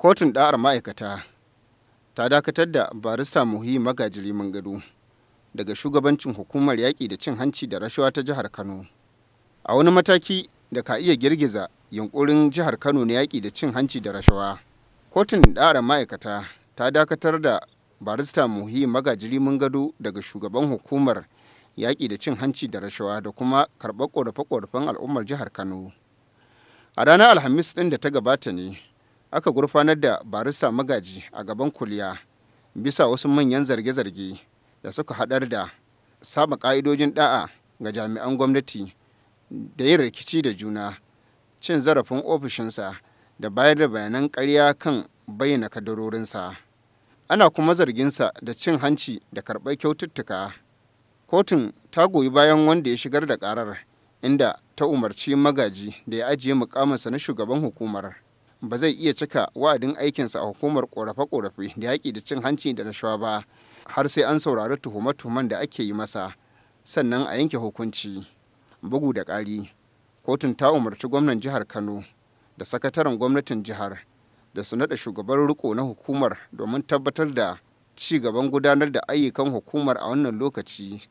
kotun ɗa'ar ma'aikata ta dakatar da barista muhi magajiri gado daga shugabancin hukumar yaƙi da cin hanci da rashawa ta jihar kano a wani mataki da ka iya girgiza yunkurin jihar kano na yaƙi da cin hanci da rashawa kotun ɗa'ar ma'aikata ta dakatar da barista muhi magajiri gado daga shugaban hukumar yaƙi da cin hanci da rashawa da kuma karɓar ƙorafe-ƙorafen al'ummar jihar kano a ranar alhamis ɗin da ta gabata ne aka gurfanar da barista magaji a gaban kuliya bisa wasu manyan zarge-zarge da suka haɗar da saba ƙa'idojin ɗa'a ga jami'an gwamnati da yin rikici da juna cin zarafin ofishinsa da bayar da bayanan ƙarya kan bayyana kadarorinsa ana kuma zarginsa da cin hanci da karɓar kyaututtuka kotun ta goyi bayan wanda ya shigar da ƙarar inda ta umarci magaji da ya ajiye mukaminsa na shugaban hukumar ba zai iya cika wa'adin aikinsa a hukumar korafe-korafe da yaƙi da cin hanci da rashawa ba har sai an saurari tuhume-tuhumen da ake yi masa sannan a yanke hukunci bugu da ƙari kotun ta umarci gwamnan jihar kano da sakataren gwamnatin jihar da su naɗa shugaban riko na hukumar domin tabbatar da ci gaban gudanar da ayyukan hukumar a wannan lokaci